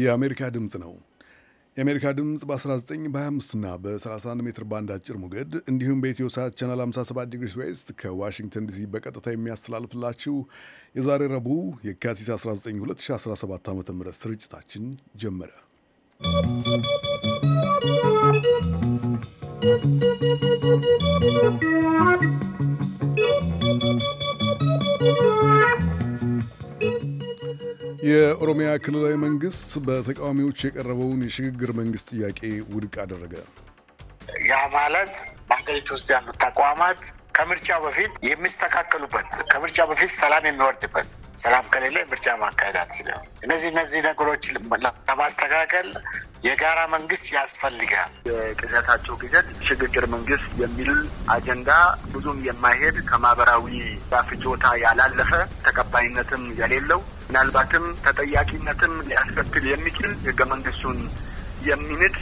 የአሜሪካ ድምፅ ነው። የአሜሪካ ድምፅ በ19 25 እና በ31 ሜትር ባንድ አጭር ሞገድ እንዲሁም በኢትዮ ሳት ቻናል 57 ዲግሪስ ዌስት ከዋሽንግተን ዲሲ በቀጥታ የሚያስተላልፍላችሁ የዛሬ ረቡዕ የካቲት 19 2017 ዓ ም ስርጭታችን ጀመረ። ¶¶ የኦሮሚያ ክልላዊ መንግስት በተቃዋሚዎች የቀረበውን የሽግግር መንግስት ጥያቄ ውድቅ አደረገ። ያ ማለት በሀገሪቱ ውስጥ ያሉት ተቋማት ከምርጫ በፊት የሚስተካከሉበት፣ ከምርጫ በፊት ሰላም የሚወርድበት ሰላም ከሌለ ምርጫ ማካሄድ አትችልም። እነዚህ እነዚህ ነገሮች ለማስተካከል የጋራ መንግስት ያስፈልጋል። የቅዘታቸው ግዘት ሽግግር መንግስት የሚል አጀንዳ ብዙም የማይሄድ ከማህበራዊ ፍጆታ ያላለፈ ተቀባይነትም የሌለው ምናልባትም ተጠያቂነትም ሊያስከትል የሚችል ህገ መንግስቱን የሚንድ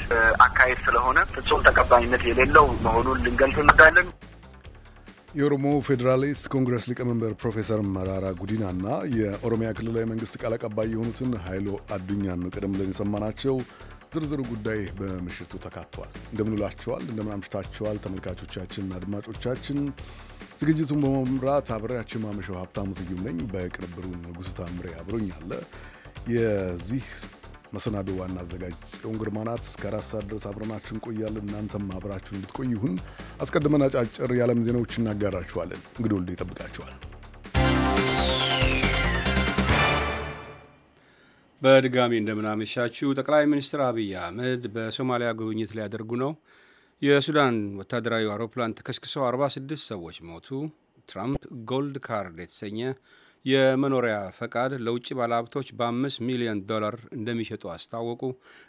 አካሄድ ስለሆነ ፍጹም ተቀባይነት የሌለው መሆኑን ልንገልጽ እንወዳለን። የኦሮሞ ፌዴራሊስት ኮንግረስ ሊቀመንበር ፕሮፌሰር መራራ ጉዲናና የኦሮሚያ ክልላዊ መንግስት ቃል አቀባይ የሆኑትን ኃይሎ አዱኛን ቀደም ብለን የሰማናቸው። ዝርዝሩ ጉዳይ በምሽቱ ተካቷል። እንደምንውላችኋል፣ እንደምናምሽታችኋል ተመልካቾቻችንና አድማጮቻችን። ዝግጅቱን በመምራት አብሬያችን ማመሻው ሀብታሙ ስዩም ነኝ። በቅንብሩ ንጉሱ ታምሬ አብሮኛለ የዚህ መሰናዶ ዋና አዘጋጅ ጽዮን ግርማ ናት። እስከ አራት ሰዓት ድረስ አብረናችሁ እንቆያለን። እናንተም አብራችሁ እንድትቆይ ይሁን። አስቀድመን አጫጭር የዓለም ዜናዎች እናጋራችኋለን። እንግዲህ ወልዶ ይጠብቃችኋል። በድጋሚ እንደምናመሻችሁ። ጠቅላይ ሚኒስትር አብይ አህመድ በሶማሊያ ጉብኝት ሊያደርጉ ነው። የሱዳን ወታደራዊ አውሮፕላን ተከስክሰው 46 ሰዎች ሞቱ። ትራምፕ ጎልድ ካርድ የተሰኘ የመኖሪያ ፈቃድ ለውጭ ባለሀብቶች በአምስት ሚሊዮን ዶላር እንደሚሸጡ አስታወቁ።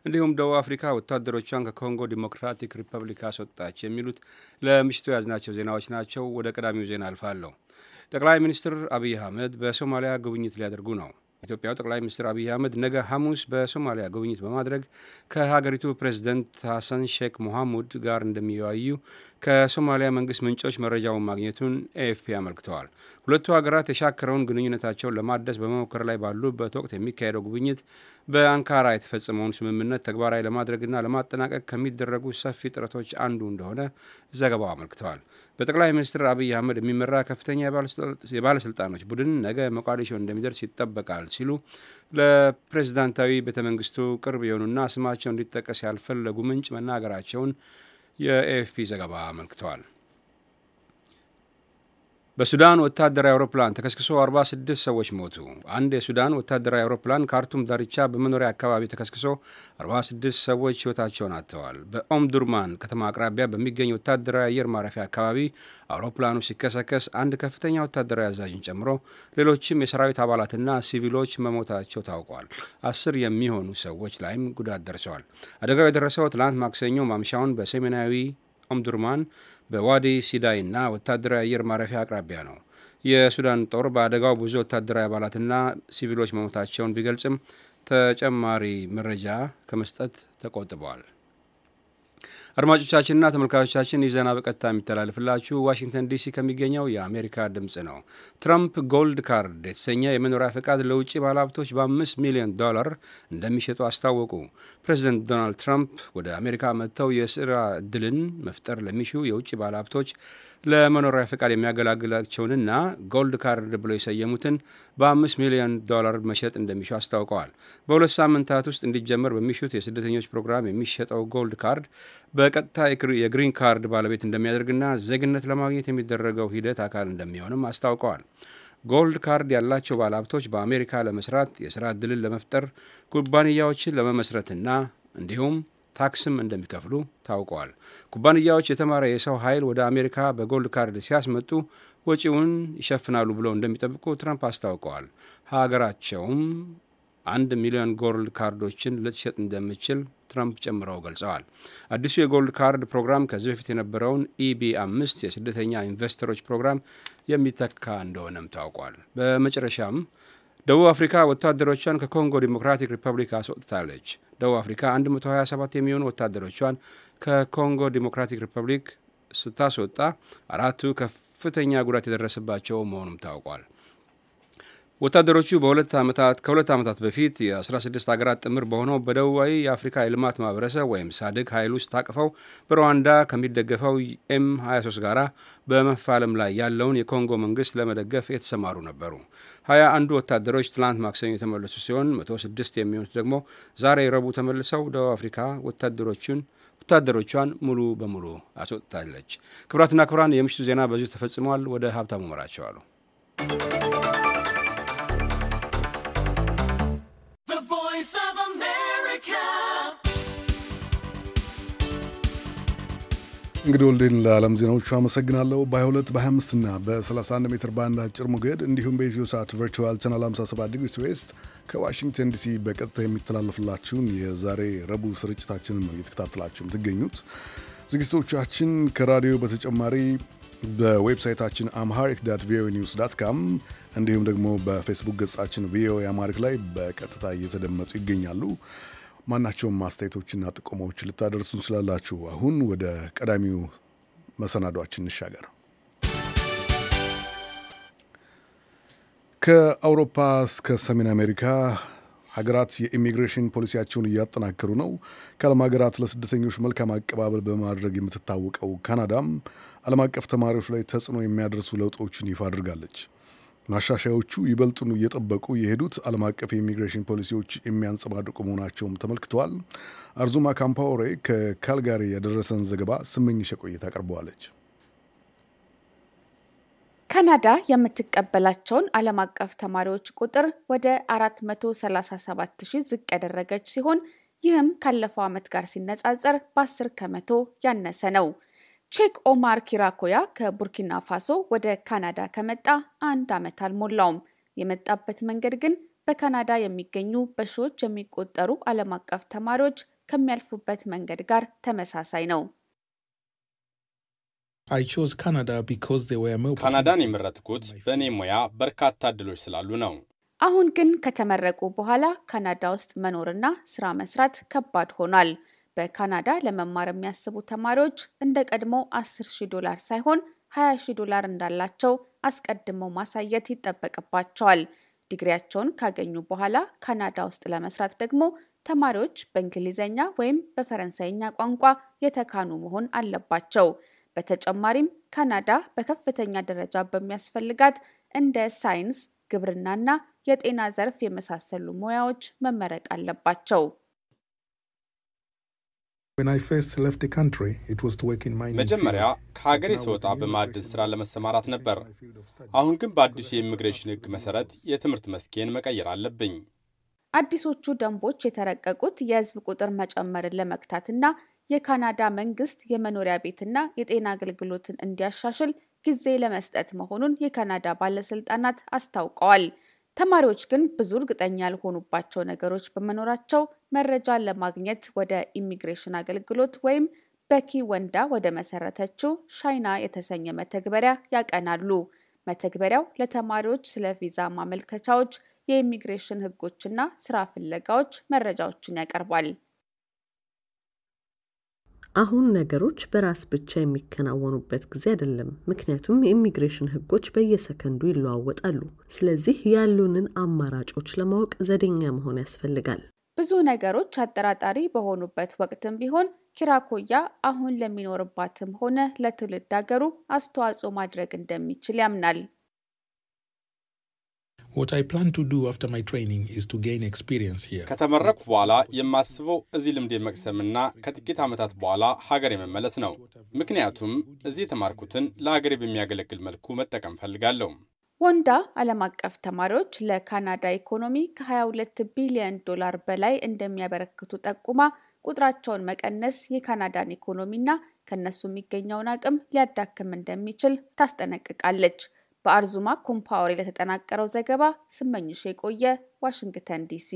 እንዲሁም ደቡብ አፍሪካ ወታደሮቿን ከኮንጎ ዲሞክራቲክ ሪፐብሊክ አስወጣች። የሚሉት ለምሽቱ የያዝናቸው ዜናዎች ናቸው። ወደ ቀዳሚው ዜና አልፋለሁ። ጠቅላይ ሚኒስትር አብይ አህመድ በሶማሊያ ጉብኝት ሊያደርጉ ነው። ኢትዮጵያው ጠቅላይ ሚኒስትር አብይ አህመድ ነገ ሐሙስ በሶማሊያ ጉብኝት በማድረግ ከሀገሪቱ ፕሬዚደንት ሐሰን ሼክ ሞሐሙድ ጋር እንደሚወያዩ ከሶማሊያ መንግስት ምንጮች መረጃውን ማግኘቱን ኤኤፍፒ አመልክተዋል። ሁለቱ ሀገራት የሻከረውን ግንኙነታቸውን ለማደስ በመሞከር ላይ ባሉበት ወቅት የሚካሄደው ጉብኝት በአንካራ የተፈጸመውን ስምምነት ተግባራዊ ለማድረግና ለማጠናቀቅ ከሚደረጉ ሰፊ ጥረቶች አንዱ እንደሆነ ዘገባው አመልክተዋል። በጠቅላይ ሚኒስትር አብይ አህመድ የሚመራ ከፍተኛ የባለስልጣኖች ቡድን ነገ ሞቃዲሾ እንደሚደርስ ይጠበቃል ሲሉ ለፕሬዝዳንታዊ ቤተ መንግስቱ ቅርብ የሆኑና ስማቸው እንዲጠቀስ ያልፈለጉ ምንጭ መናገራቸውን የኤኤፍፒ ዘገባ አመልክተዋል። በሱዳን ወታደራዊ አውሮፕላን ተከስክሶ 46 ሰዎች ሞቱ። አንድ የሱዳን ወታደራዊ አውሮፕላን ካርቱም ዳርቻ በመኖሪያ አካባቢ ተከስክሶ 46 ሰዎች ሕይወታቸውን አጥተዋል። በኦምዱርማን ከተማ አቅራቢያ በሚገኝ ወታደራዊ አየር ማረፊያ አካባቢ አውሮፕላኑ ሲከሰከስ አንድ ከፍተኛ ወታደራዊ አዛዥን ጨምሮ ሌሎችም የሰራዊት አባላትና ሲቪሎች መሞታቸው ታውቋል። አስር የሚሆኑ ሰዎች ላይም ጉዳት ደርሰዋል። አደጋው የደረሰው ትላንት ማክሰኞ ማምሻውን በሰሜናዊ ኦምዱርማን በዋዲ ሲዳይና ወታደራዊ አየር ማረፊያ አቅራቢያ ነው። የሱዳን ጦር በአደጋው ብዙ ወታደራዊ አባላትና ሲቪሎች መሞታቸውን ቢገልጽም ተጨማሪ መረጃ ከመስጠት ተቆጥበዋል። አድማጮቻችንና ተመልካቾቻችን ይህ ዜና በቀጥታ የሚተላልፍላችሁ ዋሽንግተን ዲሲ ከሚገኘው የአሜሪካ ድምፅ ነው። ትራምፕ ጎልድ ካርድ የተሰኘ የመኖሪያ ፈቃድ ለውጭ ባለሀብቶች በአምስት ሚሊዮን ዶላር እንደሚሸጡ አስታወቁ። ፕሬዚደንት ዶናልድ ትራምፕ ወደ አሜሪካ መጥተው የስራ እድልን መፍጠር ለሚሹ የውጭ ባለሀብቶች ለመኖሪያ ፈቃድ የሚያገላግላቸውንና ጎልድ ካርድ ብሎ የሰየሙትን በአምስት ሚሊዮን ዶላር መሸጥ እንደሚሹ አስታውቀዋል። በሁለት ሳምንታት ውስጥ እንዲጀመር በሚሹት የስደተኞች ፕሮግራም የሚሸጠው ጎልድ ካርድ በቀጥታ የግሪን ካርድ ባለቤት እንደሚያደርግና ዜግነት ለማግኘት የሚደረገው ሂደት አካል እንደሚሆንም አስታውቀዋል። ጎልድ ካርድ ያላቸው ባለሀብቶች በአሜሪካ ለመስራት የስራ ዕድልን ለመፍጠር ኩባንያዎችን ለመመስረትና እንዲሁም ታክስም እንደሚከፍሉ ታውቀዋል። ኩባንያዎች የተማረ የሰው ኃይል ወደ አሜሪካ በጎልድ ካርድ ሲያስመጡ ወጪውን ይሸፍናሉ ብለው እንደሚጠብቁ ትራምፕ አስታውቀዋል። ሀገራቸውም አንድ ሚሊዮን ጎልድ ካርዶችን ልትሸጥ እንደምችል ትራምፕ ጨምረው ገልጸዋል። አዲሱ የጎልድ ካርድ ፕሮግራም ከዚህ በፊት የነበረውን ኢቢ አምስት የስደተኛ ኢንቨስተሮች ፕሮግራም የሚተካ እንደሆነም ታውቋል። በመጨረሻም ደቡብ አፍሪካ ወታደሮቿን ከኮንጎ ዲሞክራቲክ ሪፐብሊክ አስወጥታለች። ደቡብ አፍሪካ 127 የሚሆኑ ወታደሮቿን ከኮንጎ ዲሞክራቲክ ሪፐብሊክ ስታስወጣ አራቱ ከፍተኛ ጉዳት የደረሰባቸው መሆኑም ታውቋል። ወታደሮቹ በሁለት ዓመታት ከሁለት ዓመታት በፊት የ16 ሀገራት ጥምር በሆነው በደቡባዊ የአፍሪካ የልማት ማህበረሰብ ወይም ሳድግ ኃይል ውስጥ ታቅፈው በሩዋንዳ ከሚደገፈው ኤም 23 ጋር በመፋለም ላይ ያለውን የኮንጎ መንግስት ለመደገፍ የተሰማሩ ነበሩ። ሀያ አንዱ ወታደሮች ትላንት ማክሰኞ የተመለሱ ሲሆን 106 የሚሆኑት ደግሞ ዛሬ ረቡዕ ተመልሰው ደቡብ አፍሪካ ወታደሮቹን ወታደሮቿን ሙሉ በሙሉ አስወጥታለች። ክብራትና ክብራን የምሽቱ ዜና በዚሁ ተፈጽመዋል። ወደ ሀብታሙ መራቸዋሉ። እንግዲህ ወልዴን ለዓለም ዜናዎቹ አመሰግናለሁ። በ22 በ25 እና በ31 ሜትር ባንድ አጭር ሞገድ እንዲሁም በኢትዮ ሰዓት ቨርቹዋል ቻናል 57 ዲግሪ ስዌስት ከዋሽንግተን ዲሲ በቀጥታ የሚተላለፍላችሁን የዛሬ ረቡዕ ስርጭታችንን ነው እየተከታተላችሁ የምትገኙት። ዝግጅቶቻችን ከራዲዮ በተጨማሪ በዌብሳይታችን አምሃሪክ ዳት ቪኦኤ ኒውስ ዳት ካም እንዲሁም ደግሞ በፌስቡክ ገጻችን ቪኦኤ አማሪክ ላይ በቀጥታ እየተደመጡ ይገኛሉ። ማናቸውም ማስተያየቶችና ጥቆማዎች ልታደርሱን ስላላችሁ አሁን ወደ ቀዳሚው መሰናዷችን እንሻገር። ከአውሮፓ እስከ ሰሜን አሜሪካ ሀገራት የኢሚግሬሽን ፖሊሲያቸውን እያጠናከሩ ነው። ከዓለም ሀገራት ለስደተኞች መልካም አቀባበል በማድረግ የምትታወቀው ካናዳም ዓለም አቀፍ ተማሪዎች ላይ ተጽዕኖ የሚያደርሱ ለውጦችን ይፋ አድርጋለች። ማሻሻያዎቹ ይበልጥኑ እየጠበቁ የሄዱት ዓለም አቀፍ የኢሚግሬሽን ፖሊሲዎች የሚያንጸባርቁ መሆናቸውም ተመልክተዋል። አርዙማ ካምፓወሬ ከካልጋሪ ያደረሰን ዘገባ ስመኝሸ ቆይታ አቅርበዋለች። ካናዳ የምትቀበላቸውን ዓለም አቀፍ ተማሪዎች ቁጥር ወደ 437 ሺህ ዝቅ ያደረገች ሲሆን ይህም ካለፈው ዓመት ጋር ሲነጻጸር በ10 ከመቶ ያነሰ ነው። ቼክ ኦማር ኪራኮያ ከቡርኪና ፋሶ ወደ ካናዳ ከመጣ አንድ ዓመት አልሞላውም። የመጣበት መንገድ ግን በካናዳ የሚገኙ በሺዎች የሚቆጠሩ ዓለም አቀፍ ተማሪዎች ከሚያልፉበት መንገድ ጋር ተመሳሳይ ነው። ካናዳን የመረጥኩት በእኔ ሙያ በርካታ እድሎች ስላሉ ነው። አሁን ግን ከተመረቁ በኋላ ካናዳ ውስጥ መኖርና ስራ መስራት ከባድ ሆኗል። በካናዳ ለመማር የሚያስቡ ተማሪዎች እንደ ቀድሞ 10 ሺ ዶላር ሳይሆን 20 ሺ ዶላር እንዳላቸው አስቀድመው ማሳየት ይጠበቅባቸዋል። ዲግሪያቸውን ካገኙ በኋላ ካናዳ ውስጥ ለመስራት ደግሞ ተማሪዎች በእንግሊዝኛ ወይም በፈረንሳይኛ ቋንቋ የተካኑ መሆን አለባቸው። በተጨማሪም ካናዳ በከፍተኛ ደረጃ በሚያስፈልጋት እንደ ሳይንስ፣ ግብርናና የጤና ዘርፍ የመሳሰሉ ሙያዎች መመረቅ አለባቸው። መጀመሪያ ከሀገሬ ስወጣ በማዕድን ስራ ለመሰማራት ነበር። አሁን ግን በአዲሱ የኢሚግሬሽን ህግ መሰረት የትምህርት መስኬን መቀየር አለብኝ። አዲሶቹ ደንቦች የተረቀቁት የህዝብ ቁጥር መጨመርን ለመግታትና የካናዳ መንግስት የመኖሪያ ቤትና የጤና አገልግሎትን እንዲያሻሽል ጊዜ ለመስጠት መሆኑን የካናዳ ባለስልጣናት አስታውቀዋል። ተማሪዎች ግን ብዙ እርግጠኛ ያልሆኑባቸው ነገሮች በመኖራቸው መረጃን ለማግኘት ወደ ኢሚግሬሽን አገልግሎት ወይም በኪ ወንዳ ወደ መሰረተችው ሻይና የተሰኘ መተግበሪያ ያቀናሉ። መተግበሪያው ለተማሪዎች ስለ ቪዛ ማመልከቻዎች፣ የኢሚግሬሽን ህጎችና ስራ ፍለጋዎች መረጃዎችን ያቀርባል። አሁን ነገሮች በራስ ብቻ የሚከናወኑበት ጊዜ አይደለም። ምክንያቱም የኢሚግሬሽን ህጎች በየሰከንዱ ይለዋወጣሉ። ስለዚህ ያሉንን አማራጮች ለማወቅ ዘዴኛ መሆን ያስፈልጋል። ብዙ ነገሮች አጠራጣሪ በሆኑበት ወቅትም ቢሆን ኪራኮያ አሁን ለሚኖርባትም ሆነ ለትውልድ ሀገሩ አስተዋጽኦ ማድረግ እንደሚችል ያምናል። ከተመረቅኩ በኋላ የማስበው እዚህ ልምድ የመቅሰምና ከጥቂት ዓመታት በኋላ ሀገር የመመለስ ነው። ምክንያቱም እዚህ የተማርኩትን ለሀገር በሚያገለግል መልኩ መጠቀም ፈልጋለሁ። ወንዳ ዓለም አቀፍ ተማሪዎች ለካናዳ ኢኮኖሚ ከ22 ቢሊዮን ዶላር በላይ እንደሚያበረክቱ ጠቁማ ቁጥራቸውን መቀነስ የካናዳን ኢኮኖሚና ከእነሱ የሚገኘውን አቅም ሊያዳክም እንደሚችል ታስጠነቅቃለች። በአርዙማ ኮምፓወሬ ለተጠናቀረው ዘገባ ስመኝሽ የቆየ ዋሽንግተን ዲሲ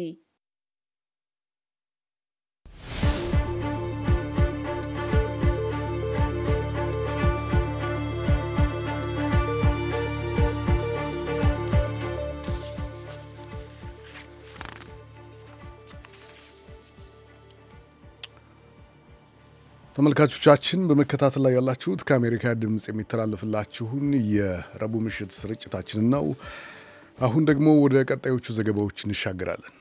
ተመልካቾቻችን በመከታተል ላይ ያላችሁት ከአሜሪካ ድምፅ የሚተላለፍላችሁን የረቡዕ ምሽት ስርጭታችንን ነው። አሁን ደግሞ ወደ ቀጣዮቹ ዘገባዎች እንሻገራለን።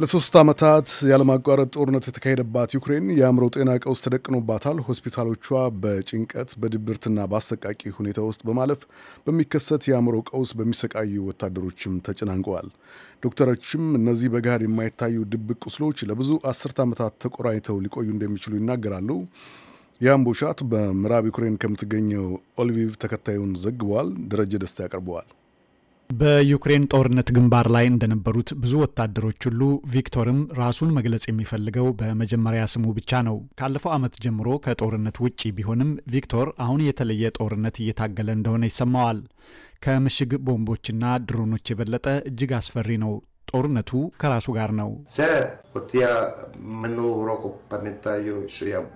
ለሶስት ዓመታት ያለማቋረጥ ጦርነት የተካሄደባት ዩክሬን የአእምሮ ጤና ቀውስ ተደቅኖባታል። ሆስፒታሎቿ በጭንቀት በድብርትና በአሰቃቂ ሁኔታ ውስጥ በማለፍ በሚከሰት የአእምሮ ቀውስ በሚሰቃዩ ወታደሮችም ተጨናንቀዋል። ዶክተሮችም እነዚህ በጋር የማይታዩ ድብቅ ቁስሎች ለብዙ አስርት ዓመታት ተቆራኝተው ሊቆዩ እንደሚችሉ ይናገራሉ። የአምቦሻት በምዕራብ ዩክሬን ከምትገኘው ኦልቪቭ ተከታዩን ዘግቧል። ደረጀ ደስታ ያቀርበዋል። በዩክሬን ጦርነት ግንባር ላይ እንደነበሩት ብዙ ወታደሮች ሁሉ ቪክቶርም ራሱን መግለጽ የሚፈልገው በመጀመሪያ ስሙ ብቻ ነው። ካለፈው ዓመት ጀምሮ ከጦርነት ውጪ ቢሆንም ቪክቶር አሁን የተለየ ጦርነት እየታገለ እንደሆነ ይሰማዋል። ከምሽግ ቦምቦችና ድሮኖች የበለጠ እጅግ አስፈሪ ነው። ጦርነቱ ከራሱ ጋር ነው።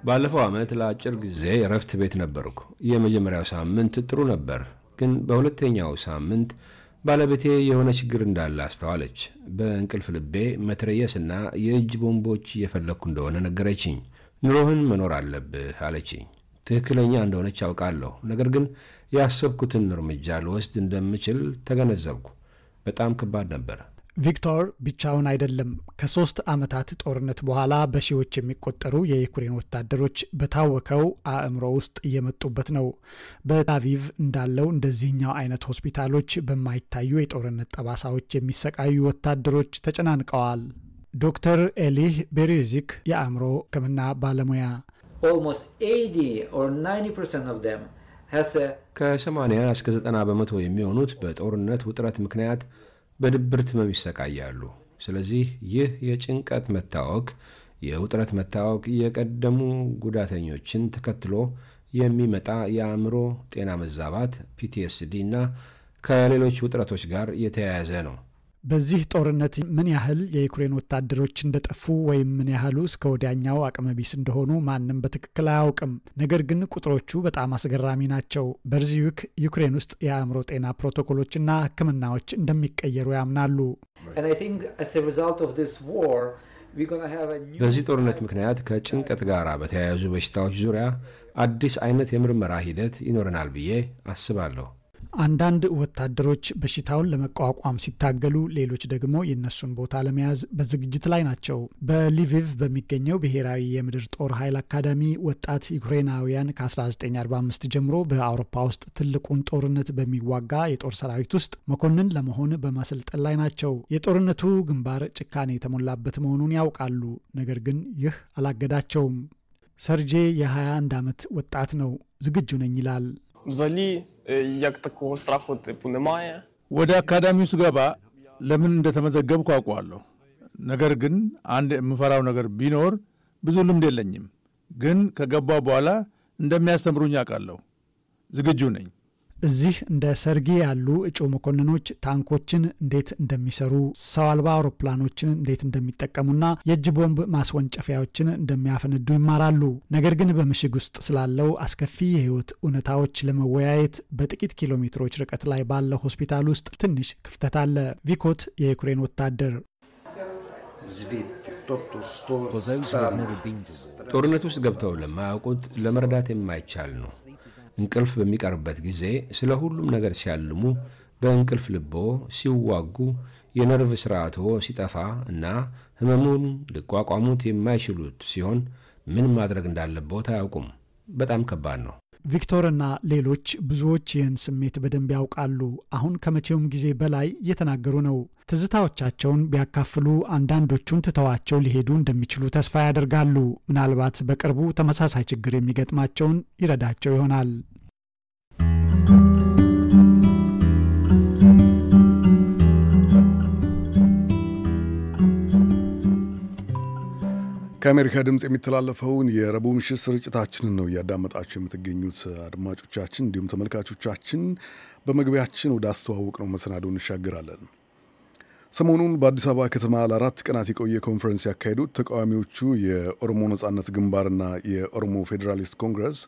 ባለፈው ዓመት ለአጭር ጊዜ እረፍት ቤት ነበርኩ። የመጀመሪያው ሳምንት ጥሩ ነበር፣ ግን በሁለተኛው ሳምንት ባለቤቴ የሆነ ችግር እንዳለ አስተዋለች። በእንቅልፍ ልቤ መትረየስና የእጅ ቦምቦች እየፈለግኩ እንደሆነ ነገረችኝ። ኑሮህን መኖር አለብህ አለችኝ። ትክክለኛ እንደሆነች አውቃለሁ፣ ነገር ግን ያሰብኩትን እርምጃ ልወስድ እንደምችል ተገነዘብኩ። በጣም ከባድ ነበር። ቪክቶር ብቻውን አይደለም። ከሶስት ዓመታት ጦርነት በኋላ በሺዎች የሚቆጠሩ የዩክሬን ወታደሮች በታወከው አእምሮ ውስጥ እየመጡበት ነው። በታቪቭ እንዳለው እንደዚህኛው አይነት ሆስፒታሎች በማይታዩ የጦርነት ጠባሳዎች የሚሰቃዩ ወታደሮች ተጨናንቀዋል። ዶክተር ኤሊህ ቤሪዚክ የአእምሮ ሕክምና ባለሙያ ከ80 እስከ 90 በመቶ የሚሆኑት በጦርነት ውጥረት ምክንያት በድብርት ህመም ይሰቃያሉ። ስለዚህ ይህ የጭንቀት መታወክ፣ የውጥረት መታወክ የቀደሙ ጉዳተኞችን ተከትሎ የሚመጣ የአእምሮ ጤና መዛባት ፒቲኤስዲ እና ከሌሎች ውጥረቶች ጋር የተያያዘ ነው። በዚህ ጦርነት ምን ያህል የዩክሬን ወታደሮች እንደጠፉ ወይም ምን ያህሉ እስከ ወዲያኛው አቅመቢስ እንደሆኑ ማንም በትክክል አያውቅም። ነገር ግን ቁጥሮቹ በጣም አስገራሚ ናቸው። በርዚዩክ ዩክሬን ውስጥ የአእምሮ ጤና ፕሮቶኮሎችና ሕክምናዎች እንደሚቀየሩ ያምናሉ። በዚህ ጦርነት ምክንያት ከጭንቀት ጋር በተያያዙ በሽታዎች ዙሪያ አዲስ አይነት የምርመራ ሂደት ይኖረናል ብዬ አስባለሁ። አንዳንድ ወታደሮች በሽታውን ለመቋቋም ሲታገሉ፣ ሌሎች ደግሞ የእነሱን ቦታ ለመያዝ በዝግጅት ላይ ናቸው። በሊቪቭ በሚገኘው ብሔራዊ የምድር ጦር ኃይል አካዳሚ ወጣት ዩክሬናውያን ከ1945 ጀምሮ በአውሮፓ ውስጥ ትልቁን ጦርነት በሚዋጋ የጦር ሰራዊት ውስጥ መኮንን ለመሆን በማሰልጠን ላይ ናቸው። የጦርነቱ ግንባር ጭካኔ የተሞላበት መሆኑን ያውቃሉ። ነገር ግን ይህ አላገዳቸውም። ሰርጄ የ21 ዓመት ወጣት ነው። ዝግጁ ነኝ ይላል። як такого страху типу немає. ወደ አካዳሚው ስገባ ለምን እንደተመዘገብኩ አውቀዋለሁ። ነገር ግን አንድ የምፈራው ነገር ቢኖር ብዙ ልምድ የለኝም፣ ግን ከገባው በኋላ እንደሚያስተምሩኝ አውቃለሁ። ዝግጁ ነኝ። እዚህ እንደ ሰርጌ ያሉ እጩ መኮንኖች ታንኮችን እንዴት እንደሚሰሩ ሰው አልባ አውሮፕላኖችን እንዴት እንደሚጠቀሙና የእጅ ቦምብ ማስወንጨፊያዎችን እንደሚያፈነዱ ይማራሉ። ነገር ግን በምሽግ ውስጥ ስላለው አስከፊ የህይወት እውነታዎች ለመወያየት በጥቂት ኪሎ ሜትሮች ርቀት ላይ ባለው ሆስፒታል ውስጥ ትንሽ ክፍተት አለ። ቪኮት የዩክሬን ወታደር ጦርነት ውስጥ ገብተው ለማያውቁት ለመርዳት የማይቻል ነው። እንቅልፍ በሚቀርበት ጊዜ ስለ ሁሉም ነገር ሲያልሙ፣ በእንቅልፍ ልቦ ሲዋጉ፣ የነርቭ ስርዓቶ ሲጠፋ እና ህመሙን ሊቋቋሙት የማይችሉት ሲሆን ምን ማድረግ እንዳለበት አያውቁም። በጣም ከባድ ነው። ቪክቶርና ሌሎች ብዙዎች ይህን ስሜት በደንብ ያውቃሉ። አሁን ከመቼውም ጊዜ በላይ እየተናገሩ ነው። ትዝታዎቻቸውን ቢያካፍሉ አንዳንዶቹን ትተዋቸው ሊሄዱ እንደሚችሉ ተስፋ ያደርጋሉ። ምናልባት በቅርቡ ተመሳሳይ ችግር የሚገጥማቸውን ይረዳቸው ይሆናል። ከአሜሪካ ድምፅ የሚተላለፈውን የረቡዕ ምሽት ስርጭታችንን ነው እያዳመጣችሁ የምትገኙት አድማጮቻችን፣ እንዲሁም ተመልካቾቻችን። በመግቢያችን ወደ አስተዋወቅ ነው መሰናዶ እንሻገራለን። ሰሞኑን በአዲስ አበባ ከተማ ለአራት ቀናት የቆየ ኮንፈረንስ ያካሄዱት ተቃዋሚዎቹ የኦሮሞ ነጻነት ግንባርና የኦሮሞ ፌዴራሊስት ኮንግረስ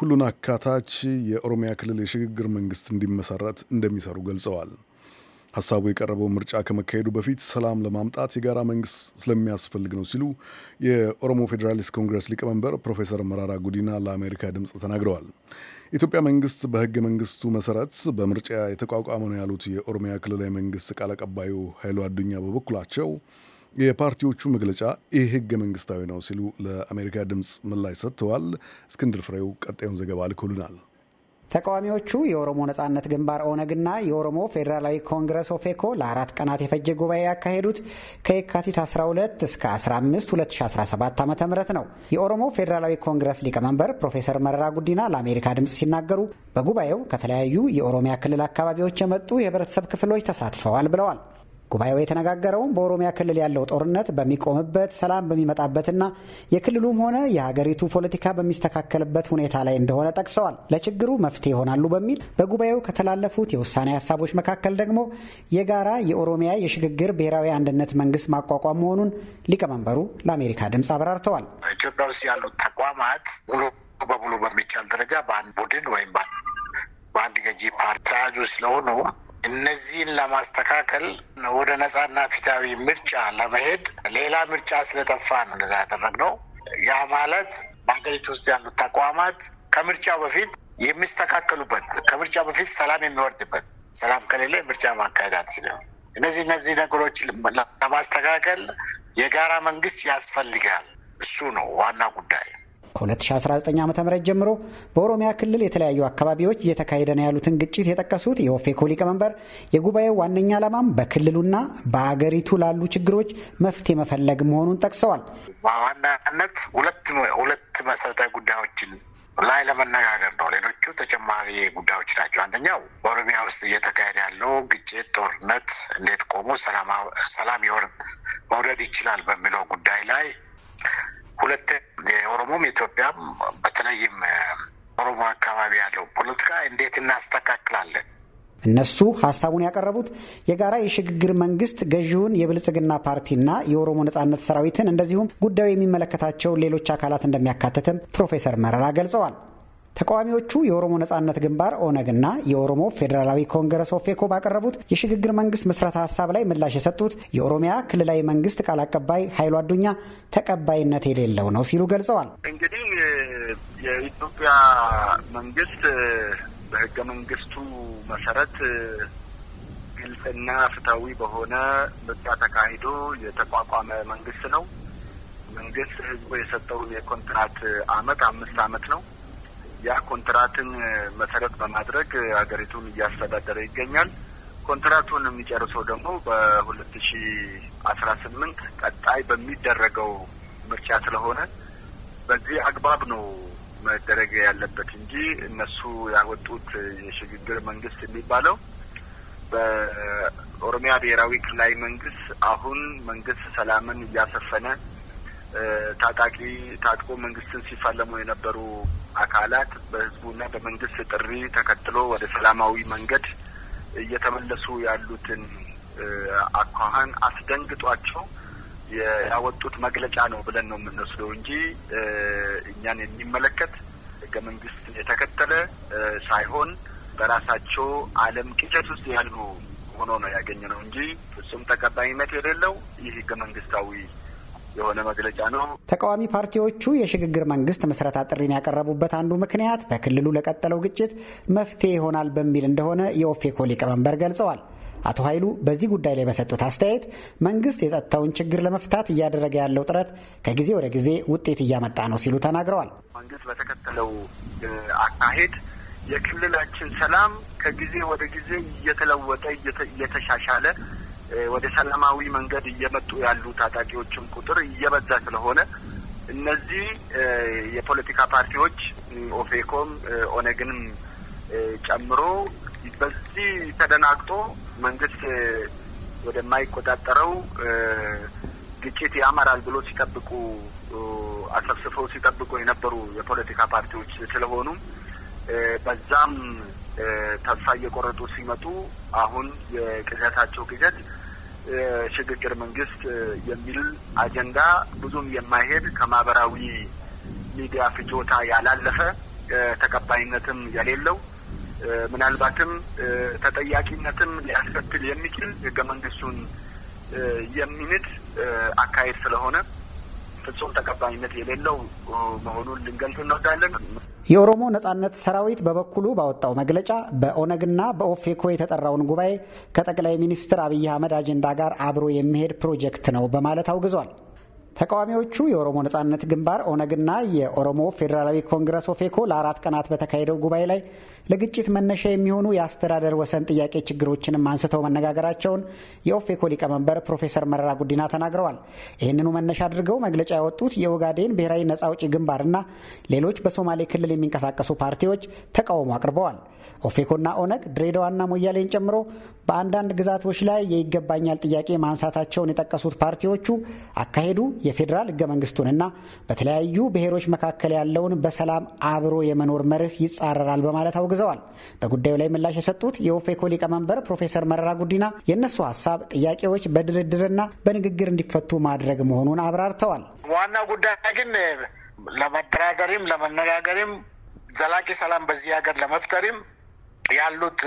ሁሉን አካታች የኦሮሚያ ክልል የሽግግር መንግስት እንዲመሰረት እንደሚሰሩ ገልጸዋል። ሀሳቡ የቀረበው ምርጫ ከመካሄዱ በፊት ሰላም ለማምጣት የጋራ መንግስት ስለሚያስፈልግ ነው ሲሉ የኦሮሞ ፌዴራሊስት ኮንግረስ ሊቀመንበር ፕሮፌሰር መራራ ጉዲና ለአሜሪካ ድምፅ ተናግረዋል። የኢትዮጵያ መንግስት በህገ መንግስቱ መሰረት በምርጫ የተቋቋመ ነው ያሉት የኦሮሚያ ክልላዊ መንግስት ቃል አቀባዩ ኃይሉ አዱኛ በበኩላቸው የፓርቲዎቹ መግለጫ ይህ ህገ መንግስታዊ ነው ሲሉ ለአሜሪካ ድምፅ ምላሽ ሰጥተዋል። እስክንድር ፍሬው ቀጣዩን ዘገባ ልኮልናል። ተቃዋሚዎቹ የኦሮሞ ነጻነት ግንባር ኦነግና የኦሮሞ ፌዴራላዊ ኮንግረስ ኦፌኮ ለአራት ቀናት የፈጀ ጉባኤ ያካሄዱት ከየካቲት 12 እስከ 15 2017 ዓ ም ነው። የኦሮሞ ፌዴራላዊ ኮንግረስ ሊቀመንበር ፕሮፌሰር መረራ ጉዲና ለአሜሪካ ድምፅ ሲናገሩ በጉባኤው ከተለያዩ የኦሮሚያ ክልል አካባቢዎች የመጡ የህብረተሰብ ክፍሎች ተሳትፈዋል ብለዋል። ጉባኤው የተነጋገረውም በኦሮሚያ ክልል ያለው ጦርነት በሚቆምበት ሰላም በሚመጣበትና የክልሉም ሆነ የሀገሪቱ ፖለቲካ በሚስተካከልበት ሁኔታ ላይ እንደሆነ ጠቅሰዋል። ለችግሩ መፍትሄ ይሆናሉ በሚል በጉባኤው ከተላለፉት የውሳኔ ሀሳቦች መካከል ደግሞ የጋራ የኦሮሚያ የሽግግር ብሔራዊ አንድነት መንግስት ማቋቋም መሆኑን ሊቀመንበሩ ለአሜሪካ ድምፅ አብራርተዋል። ኢትዮጵያ ውስጥ ያሉት ተቋማት ሙሉ በሙሉ በሚቻል ደረጃ በአንድ ቡድን ወይም በአንድ ገዢ ፓርቲ ተያዙ ስለሆኑ እነዚህን ለማስተካከል ወደ ነጻና ፊታዊ ምርጫ ለመሄድ ሌላ ምርጫ ስለጠፋ ነው እንደዛ ያደረግነው። ያ ማለት በሀገሪቱ ውስጥ ያሉት ተቋማት ከምርጫው በፊት የሚስተካከሉበት፣ ከምርጫ በፊት ሰላም የሚወርድበት፣ ሰላም ከሌለ ምርጫ ማካሄድ አትችልም። እነዚህ እነዚህ ነገሮች ለማስተካከል የጋራ መንግስት ያስፈልጋል። እሱ ነው ዋና ጉዳይ። ከ2019 ዓ ም ጀምሮ በኦሮሚያ ክልል የተለያዩ አካባቢዎች እየተካሄደ ነው ያሉትን ግጭት የጠቀሱት የኦፌኮ ሊቀመንበር የጉባኤው ዋነኛ ዓላማም በክልሉና በአገሪቱ ላሉ ችግሮች መፍትሄ መፈለግ መሆኑን ጠቅሰዋል። በዋናነት ሁለት መሰረታዊ ጉዳዮችን ላይ ለመነጋገር ነው። ሌሎቹ ተጨማሪ ጉዳዮች ናቸው። አንደኛው በኦሮሚያ ውስጥ እየተካሄደ ያለው ግጭት፣ ጦርነት እንዴት ቆሞ ሰላም ይወርድ መውረድ ይችላል በሚለው ጉዳይ ላይ ሁለት የኦሮሞም የኢትዮጵያም በተለይም ኦሮሞ አካባቢ ያለው ፖለቲካ እንዴት እናስተካክላለን? እነሱ ሀሳቡን ያቀረቡት የጋራ የሽግግር መንግስት ገዢውን የብልጽግና ፓርቲና የኦሮሞ ነጻነት ሰራዊትን እንደዚሁም ጉዳዩ የሚመለከታቸው ሌሎች አካላት እንደሚያካትትም ፕሮፌሰር መረራ ገልጸዋል። ተቃዋሚዎቹ የኦሮሞ ነጻነት ግንባር ኦነግና የኦሮሞ ፌዴራላዊ ኮንግረስ ኦፌኮ ባቀረቡት የሽግግር መንግስት ምስረታ ሀሳብ ላይ ምላሽ የሰጡት የኦሮሚያ ክልላዊ መንግስት ቃል አቀባይ ኃይሉ አዱኛ ተቀባይነት የሌለው ነው ሲሉ ገልጸዋል። እንግዲህ የኢትዮጵያ መንግስት በህገ መንግስቱ መሰረት ግልጽና ፍትሐዊ በሆነ ምርጫ ተካሂዶ የተቋቋመ መንግስት ነው። መንግስት ህዝቡ የሰጠውን የኮንትራት አመት አምስት አመት ነው። ያ ኮንትራትን መሰረት በማድረግ ሀገሪቱን እያስተዳደረ ይገኛል። ኮንትራቱን የሚጨርሰው ደግሞ በሁለት ሺ አስራ ስምንት ቀጣይ በሚደረገው ምርጫ ስለሆነ በዚህ አግባብ ነው መደረግ ያለበት እንጂ እነሱ ያወጡት የሽግግር መንግስት የሚባለው በኦሮሚያ ብሔራዊ ክልላዊ መንግስት አሁን መንግስት ሰላምን እያሰፈነ ታጣቂ ታጥቆ መንግስትን ሲፋለሙ የነበሩ አካላት በህዝቡና በመንግስት ጥሪ ተከትሎ ወደ ሰላማዊ መንገድ እየተመለሱ ያሉትን አኳኋን አስደንግጧቸው ያወጡት መግለጫ ነው ብለን ነው የምንወስደው እንጂ እኛን የሚመለከት ህገ መንግስት የተከተለ ሳይሆን በራሳቸው አለም ቅጨት ውስጥ ያሉ ሆኖ ነው ያገኘ ነው እንጂ ፍጹም ተቀባይነት የሌለው ይህ ህገ መንግስታዊ የሆነ መግለጫ ነው። ተቃዋሚ ፓርቲዎቹ የሽግግር መንግስት ምስረታ ጥሪን ያቀረቡበት አንዱ ምክንያት በክልሉ ለቀጠለው ግጭት መፍትሄ ይሆናል በሚል እንደሆነ የኦፌኮ ሊቀመንበር ገልጸዋል። አቶ ኃይሉ በዚህ ጉዳይ ላይ በሰጡት አስተያየት መንግስት የጸጥታውን ችግር ለመፍታት እያደረገ ያለው ጥረት ከጊዜ ወደ ጊዜ ውጤት እያመጣ ነው ሲሉ ተናግረዋል። መንግስት በተከተለው አካሄድ የክልላችን ሰላም ከጊዜ ወደ ጊዜ እየተለወጠ እየተሻሻለ ወደ ሰላማዊ መንገድ እየመጡ ያሉ ታጣቂዎችም ቁጥር እየበዛ ስለሆነ እነዚህ የፖለቲካ ፓርቲዎች ኦፌኮም ኦነግንም ጨምሮ በዚህ ተደናግጦ መንግስት ወደማይቆጣጠረው ግጭት ያመራል ብሎ ሲጠብቁ አሰብስፈው ሲጠብቁ የነበሩ የፖለቲካ ፓርቲዎች ስለሆኑ በዛም ተስፋ እየቆረጡ ሲመጡ አሁን የቅዘታቸው ግዘት የሽግግር መንግስት የሚል አጀንዳ ብዙም የማይሄድ ከማህበራዊ ሚዲያ ፍጆታ ያላለፈ ተቀባይነትም የሌለው ምናልባትም ተጠያቂነትም ሊያስከትል የሚችል ህገ መንግስቱን የሚንድ አካሄድ ስለሆነ ፍጹም ተቀባይነት የሌለው መሆኑን ልንገልጽ እንወዳለን። የኦሮሞ ነጻነት ሰራዊት በበኩሉ ባወጣው መግለጫ በኦነግና በኦፌኮ የተጠራውን ጉባኤ ከጠቅላይ ሚኒስትር አብይ አህመድ አጀንዳ ጋር አብሮ የሚሄድ ፕሮጀክት ነው በማለት አውግዟል። ተቃዋሚዎቹ የኦሮሞ ነጻነት ግንባር ኦነግና የኦሮሞ ፌዴራላዊ ኮንግረስ ኦፌኮ ለአራት ቀናት በተካሄደው ጉባኤ ላይ ለግጭት መነሻ የሚሆኑ የአስተዳደር ወሰን ጥያቄ ችግሮችንም አንስተው መነጋገራቸውን የኦፌኮ ሊቀመንበር ፕሮፌሰር መረራ ጉዲና ተናግረዋል። ይህንኑ መነሻ አድርገው መግለጫ ያወጡት የኦጋዴን ብሔራዊ ነጻ አውጪ ግንባርና ሌሎች በሶማሌ ክልል የሚንቀሳቀሱ ፓርቲዎች ተቃውሞ አቅርበዋል። ኦፌኮና ኦነግ ድሬዳዋና ሞያሌን ጨምሮ በአንዳንድ ግዛቶች ላይ የይገባኛል ጥያቄ ማንሳታቸውን የጠቀሱት ፓርቲዎቹ አካሄዱ የፌዴራል ህገ መንግስቱንና በተለያዩ ብሔሮች መካከል ያለውን በሰላም አብሮ የመኖር መርህ ይጻረራል በማለት አውግዘዋል። በጉዳዩ ላይ ምላሽ የሰጡት የኦፌኮ ሊቀመንበር ፕሮፌሰር መረራ ጉዲና የእነሱ ሀሳብ ጥያቄዎች በድርድርና በንግግር እንዲፈቱ ማድረግ መሆኑን አብራርተዋል። ዋናው ጉዳይ ግን ለመደራደሪም ለመነጋገሪም ዘላቂ ሰላም በዚህ ሀገር ለመፍጠሪም ያሉት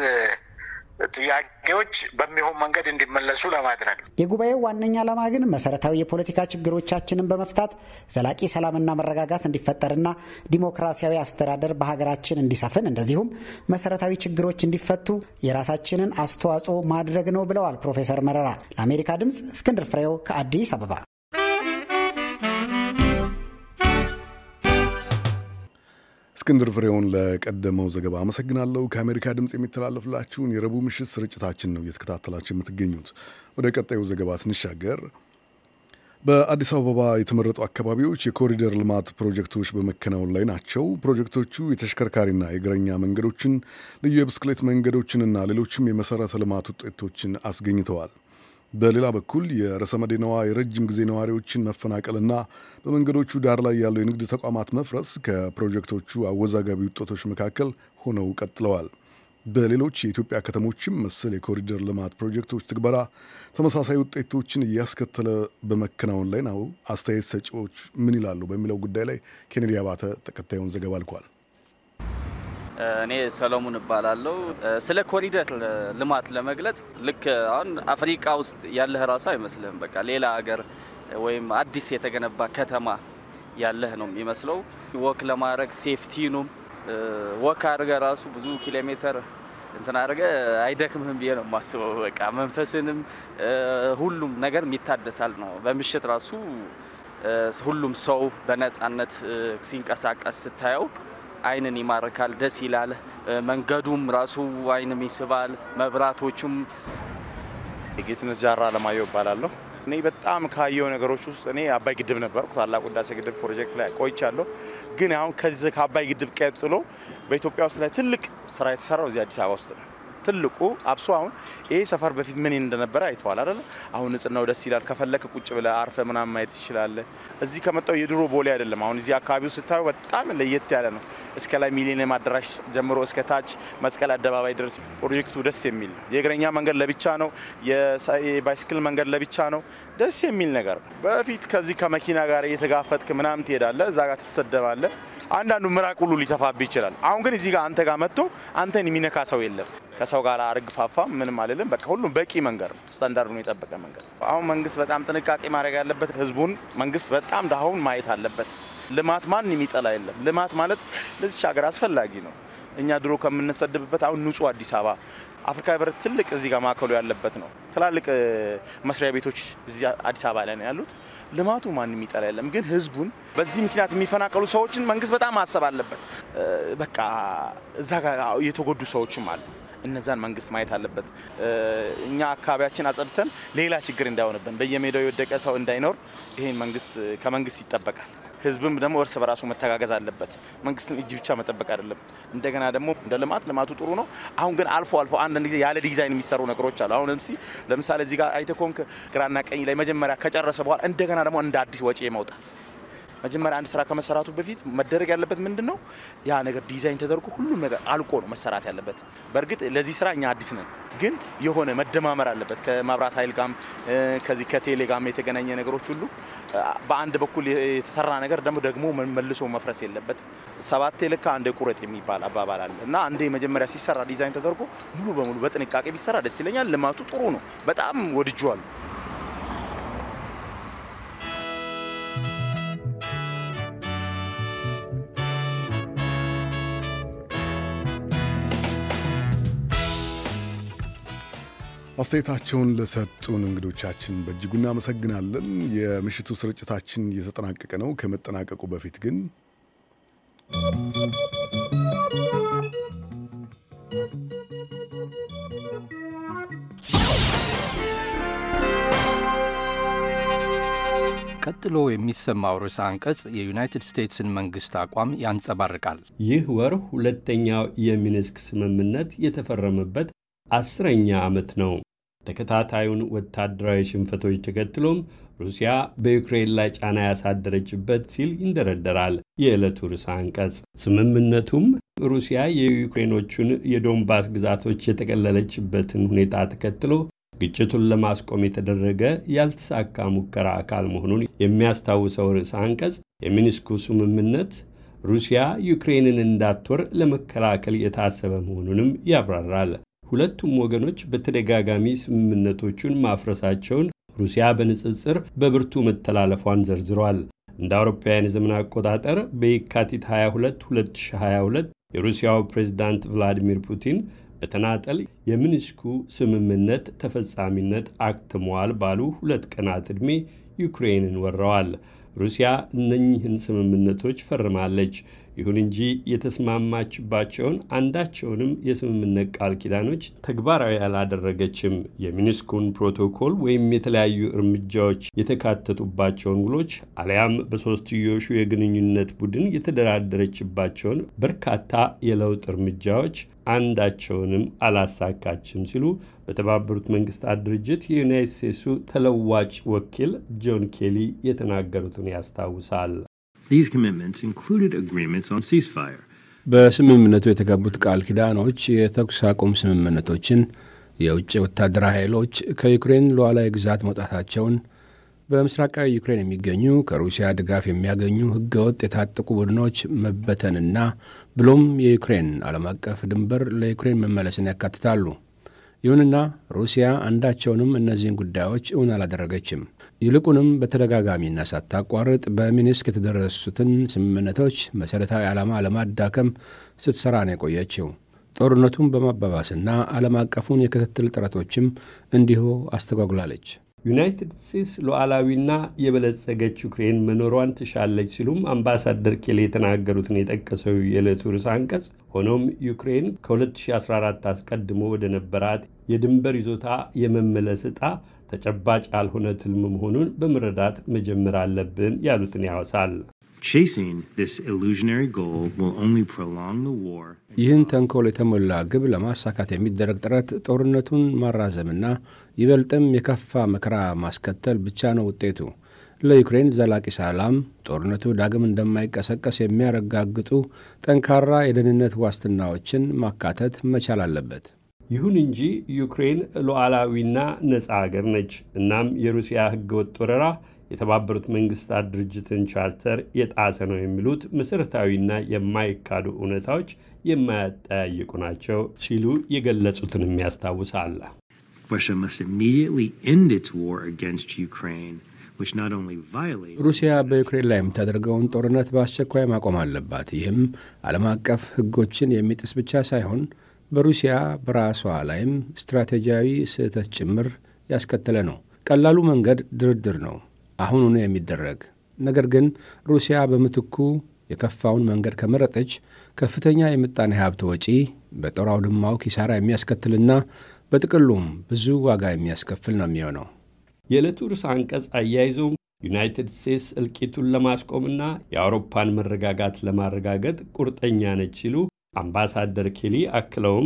ጥያቄዎች በሚሆን መንገድ እንዲመለሱ ለማድረግ የጉባኤው ዋነኛ ዓላማ ግን መሰረታዊ የፖለቲካ ችግሮቻችንን በመፍታት ዘላቂ ሰላምና መረጋጋት እንዲፈጠርና ዲሞክራሲያዊ አስተዳደር በሀገራችን እንዲሰፍን እንደዚሁም መሰረታዊ ችግሮች እንዲፈቱ የራሳችንን አስተዋጽኦ ማድረግ ነው ብለዋል ፕሮፌሰር መረራ። ለአሜሪካ ድምፅ እስክንድር ፍሬው ከአዲስ አበባ እስክንድር ፍሬውን ለቀደመው ዘገባ አመሰግናለሁ። ከአሜሪካ ድምፅ የሚተላለፍላችሁን የረቡዕ ምሽት ስርጭታችን ነው እየተከታተላችሁ የምትገኙት። ወደ ቀጣዩ ዘገባ ስንሻገር በአዲስ አበባ የተመረጡ አካባቢዎች የኮሪደር ልማት ፕሮጀክቶች በመከናወን ላይ ናቸው። ፕሮጀክቶቹ የተሽከርካሪና የእግረኛ መንገዶችን፣ ልዩ የብስክሌት መንገዶችንና ሌሎችም የመሠረተ ልማት ውጤቶችን አስገኝተዋል። በሌላ በኩል የርዕሰ መዲናዋ የረጅም ጊዜ ነዋሪዎችን መፈናቀልና በመንገዶቹ ዳር ላይ ያለው የንግድ ተቋማት መፍረስ ከፕሮጀክቶቹ አወዛጋቢ ውጤቶች መካከል ሆነው ቀጥለዋል። በሌሎች የኢትዮጵያ ከተሞችም መሰል የኮሪደር ልማት ፕሮጀክቶች ትግበራ ተመሳሳይ ውጤቶችን እያስከተለ በመከናወን ላይ ነው። አስተያየት ሰጪዎች ምን ይላሉ በሚለው ጉዳይ ላይ ኬኔዲ አባተ ተከታዩን ዘገባ አልኳል። እኔ ሰለሞን እባላለሁ። ስለ ኮሪደር ልማት ለመግለጽ ልክ አሁን አፍሪካ ውስጥ ያለህ ራሱ አይመስልህም። በቃ ሌላ ሀገር ወይም አዲስ የተገነባ ከተማ ያለህ ነው የሚመስለው። ወክ ለማድረግ ሴፍቲኑም ወክ አድርገ ራሱ ብዙ ኪሎ ሜትር እንትን አድርገህ አይደክምህም ብዬ ነው የማስበው። በቃ መንፈስንም ሁሉም ነገር ይታደሳል ነው። በምሽት ራሱ ሁሉም ሰው በነፃነት ሲንቀሳቀስ ስታየው አይንን ይማርካል፣ ደስ ይላል። መንገዱም ራሱ አይንም ይስባል። መብራቶቹም የጌትነት ጃራ አለማየሁ እባላለሁ። እኔ በጣም ካየው ነገሮች ውስጥ እኔ አባይ ግድብ ነበርኩ። ታላቁ ህዳሴ ግድብ ፕሮጀክት ላይ ቆይቻለሁ። ግን አሁን ከዚህ ከአባይ ግድብ ቀጥሎ በኢትዮጵያ ውስጥ ላይ ትልቅ ስራ የተሰራው እዚህ አዲስ አበባ ውስጥ ነው። ትልቁ አብሶ አሁን ይሄ ሰፈር በፊት ምን እንደነበረ አይተዋል አይደለ? አሁን ንጽህናው ደስ ይላል። ከፈለክ ቁጭ ብለ አርፈ ምናምን ማየት ትችላለህ። እዚህ ከመጣው የድሮ ቦሌ አይደለም። አሁን እዚህ አካባቢው ስታዩ በጣም ለየት ያለ ነው። እስከ ላይ ሚሊኒየም አዳራሽ ጀምሮ እስከ ታች መስቀል አደባባይ ድረስ ፕሮጀክቱ ደስ የሚል ነው። የእግረኛ መንገድ ለብቻ ነው። የባይስክል መንገድ ለብቻ ነው። ደስ የሚል ነገር ነው። በፊት ከዚህ ከመኪና ጋር እየተጋፈጥክ ምናምን ትሄዳለህ፣ እዛ ጋር ትሰደባለህ። አንዳንዱ ምራቅ ሁሉ ሊተፋብ ይችላል። አሁን ግን እዚህ ጋር አንተ ጋር መጥቶ አንተን የሚነካ ሰው የለም። ከሰው ጋር አርግፋፋ ምንም አልልም። በቃ ሁሉም በቂ መንገድ ነው፣ ስታንዳርዱን የጠበቀ መንገድ አሁን መንግስት በጣም ጥንቃቄ ማድረግ ያለበት ህዝቡን፣ መንግስት በጣም ድሃውን ማየት አለበት። ልማት ማን የሚጠላ የለም። ልማት ማለት ለዚች ሀገር አስፈላጊ ነው። እኛ ድሮ ከምንሰድብበት አሁን ንጹህ አዲስ አበባ አፍሪካ ህብረት ትልቅ እዚህ ጋር ማዕከሉ ያለበት ነው። ትላልቅ መስሪያ ቤቶች እዚህ አዲስ አበባ ላይ ነው ያሉት። ልማቱ ማን የሚጠላ የለም። ግን ህዝቡን በዚህ ምክንያት የሚፈናቀሉ ሰዎችን መንግስት በጣም ማሰብ አለበት። በቃ እዛ ጋር የተጎዱ ሰዎችም አሉ። እነዛን መንግስት ማየት አለበት። እኛ አካባቢያችን አጸድተን ሌላ ችግር እንዳይሆንብን በየሜዳው የወደቀ ሰው እንዳይኖር ይሄን መንግስት ከመንግስት ይጠበቃል። ህዝብም ደግሞ እርስ በራሱ መተጋገዝ አለበት። መንግስትን እጅ ብቻ መጠበቅ አይደለም። እንደገና ደግሞ እንደ ልማት ልማቱ ጥሩ ነው። አሁን ግን አልፎ አልፎ አንዳንድ ጊዜ ያለ ዲዛይን የሚሰሩ ነገሮች አሉ። አሁን ለምሲ ለምሳሌ እዚህ ጋር ግራና ቀኝ ላይ መጀመሪያ ከጨረሰ በኋላ እንደገና ደግሞ እንደ አዲስ ወጪ መውጣት መጀመሪያ አንድ ስራ ከመሰራቱ በፊት መደረግ ያለበት ምንድን ነው? ያ ነገር ዲዛይን ተደርጎ ሁሉም ነገር አልቆ ነው መሰራት ያለበት። በእርግጥ ለዚህ ስራ እኛ አዲስ ነን፣ ግን የሆነ መደማመር አለበት ከመብራት ኃይል ጋም ከዚህ ከቴሌ ጋም የተገናኘ ነገሮች ሁሉ በአንድ በኩል የተሰራ ነገር ደግሞ ደግሞ መልሶ መፍረስ የለበት። ሰባቴ ልካ አንዴ ቁረጥ የሚባል አባባል አለ እና አንዴ መጀመሪያ ሲሰራ ዲዛይን ተደርጎ ሙሉ በሙሉ በጥንቃቄ ቢሰራ ደስ ይለኛል። ልማቱ ጥሩ ነው፣ በጣም ወድጀዋለሁ። አስተያየታቸውን ለሰጡን እንግዶቻችን በእጅጉ እናመሰግናለን። የምሽቱ ስርጭታችን እየተጠናቀቀ ነው። ከመጠናቀቁ በፊት ግን ቀጥሎ የሚሰማው ርዕሰ አንቀጽ የዩናይትድ ስቴትስን መንግስት አቋም ያንጸባርቃል። ይህ ወር ሁለተኛው የሚንስክ ስምምነት የተፈረመበት አስረኛ ዓመት ነው። ተከታታዩን ወታደራዊ ሽንፈቶች ተከትሎም ሩሲያ በዩክሬን ላይ ጫና ያሳደረችበት ሲል ይንደረደራል የዕለቱ ርዕሰ አንቀጽ። ስምምነቱም ሩሲያ የዩክሬኖቹን የዶንባስ ግዛቶች የጠቀለለችበትን ሁኔታ ተከትሎ ግጭቱን ለማስቆም የተደረገ ያልተሳካ ሙከራ አካል መሆኑን የሚያስታውሰው ርዕሰ አንቀጽ የሚኒስኩ ስምምነት ሩሲያ ዩክሬንን እንዳትወር ለመከላከል የታሰበ መሆኑንም ያብራራል። ሁለቱም ወገኖች በተደጋጋሚ ስምምነቶቹን ማፍረሳቸውን ሩሲያ በንጽጽር በብርቱ መተላለፏን ዘርዝሯል። እንደ አውሮፓውያን የዘመን አቆጣጠር በየካቲት 22 2022 የሩሲያው ፕሬዝዳንት ቭላዲሚር ፑቲን በተናጠል የሚንስኩ ስምምነት ተፈጻሚነት አክትመዋል ባሉ ሁለት ቀናት ዕድሜ ዩክሬንን ወረዋል። ሩሲያ እነኚህን ስምምነቶች ፈርማለች። ይሁን እንጂ የተስማማችባቸውን አንዳቸውንም የስምምነት ቃል ኪዳኖች ተግባራዊ አላደረገችም። የሚኒስኩን ፕሮቶኮል ወይም የተለያዩ እርምጃዎች የተካተቱባቸውን ውሎች አሊያም በሶስትዮሹ የግንኙነት ቡድን የተደራደረችባቸውን በርካታ የለውጥ እርምጃዎች አንዳቸውንም አላሳካችም ሲሉ በተባበሩት መንግስታት ድርጅት የዩናይት ስቴትሱ ተለዋጭ ወኪል ጆን ኬሊ የተናገሩትን ያስታውሳል። በስምምነቱ የተገቡት ቃል ኪዳኖች የተኩስ አቁም ስምምነቶችን፣ የውጭ ወታደራዊ ኃይሎች ከዩክሬን ሉዓላዊ ግዛት መውጣታቸውን፣ በምስራቃዊ ዩክሬን የሚገኙ ከሩሲያ ድጋፍ የሚያገኙ ህገወጥ የታጠቁ ቡድኖች መበተንና ብሎም የዩክሬን ዓለም አቀፍ ድንበር ለዩክሬን መመለስን ያካትታሉ። ይሁንና ሩሲያ አንዳቸውንም እነዚህን ጉዳዮች እውን አላደረገችም። ይልቁንም በተደጋጋሚና ሳታቋርጥ በሚኒስክ የተደረሱትን ስምምነቶች መሠረታዊ ዓላማ ለማዳከም ስትሠራ ነው የቆየችው። ጦርነቱን በማባባስና ዓለም አቀፉን የክትትል ጥረቶችም እንዲሁ አስተጓጉላለች። ዩናይትድ ስቴትስ ሉዓላዊና የበለጸገች ዩክሬን መኖሯን ትሻለች ሲሉም አምባሳደር ኬሌ የተናገሩትን የጠቀሰው የዕለቱ ርዕሰ አንቀጽ ሆኖም ዩክሬን ከ2014 አስቀድሞ ወደ ነበራት የድንበር ይዞታ የመመለስ ዕጣ ተጨባጭ ያልሆነ ትልም መሆኑን በመረዳት መጀመር አለብን ያሉትን ያወሳል። ይህን ተንኮል የተሞላ ግብ ለማሳካት የሚደረግ ጥረት ጦርነቱን ማራዘምና ይበልጥም የከፋ መከራ ማስከተል ብቻ ነው ውጤቱ። ለዩክሬን ዘላቂ ሰላም ጦርነቱ ዳግም እንደማይቀሰቀስ የሚያረጋግጡ ጠንካራ የደህንነት ዋስትናዎችን ማካተት መቻል አለበት። ይሁን እንጂ ዩክሬን ሉዓላዊና ነፃ አገር ነች። እናም የሩሲያ ህገወጥ ወረራ የተባበሩት መንግስታት ድርጅትን ቻርተር የጣሰ ነው የሚሉት መሠረታዊና የማይካዱ እውነታዎች የማያጠያይቁ ናቸው ሲሉ የገለጹትንም ያስታውሳል። ሩሲያ በዩክሬን ላይ የምታደርገውን ጦርነት በአስቸኳይ ማቆም አለባት። ይህም ዓለም አቀፍ ህጎችን የሚጥስ ብቻ ሳይሆን በሩሲያ በራሷ ላይም ስትራቴጂያዊ ስህተት ጭምር ያስከተለ ነው። ቀላሉ መንገድ ድርድር ነው፣ ነው የሚደረግ ነገር ግን ሩሲያ በምትኩ የከፋውን መንገድ ከመረጠች ከፍተኛ የምጣኔ ሀብት ወጪ በጦር አውድማው ኪሳራ የሚያስከትልና በጥቅሉም ብዙ ዋጋ የሚያስከፍል ነው የሚሆነው። የዕለቱ ርዕሰ አንቀጽ አያይዞም ዩናይትድ ስቴትስ እልቂቱን ለማስቆምና የአውሮፓን መረጋጋት ለማረጋገጥ ቁርጠኛ ነች ሲሉ አምባሳደር ኬሊ አክለውም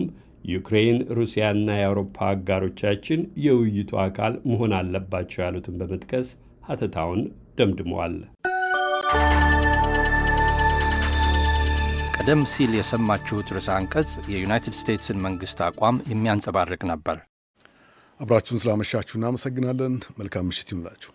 ዩክሬን፣ ሩሲያና የአውሮፓ አጋሮቻችን የውይይቱ አካል መሆን አለባቸው ያሉትን በመጥቀስ ሀተታውን ደምድመዋል። ቀደም ሲል የሰማችሁት ርዕሰ አንቀጽ የዩናይትድ ስቴትስን መንግሥት አቋም የሚያንጸባርቅ ነበር። አብራችሁን ስላመሻችሁ እናመሰግናለን። መልካም ምሽት ይሁንላችሁ።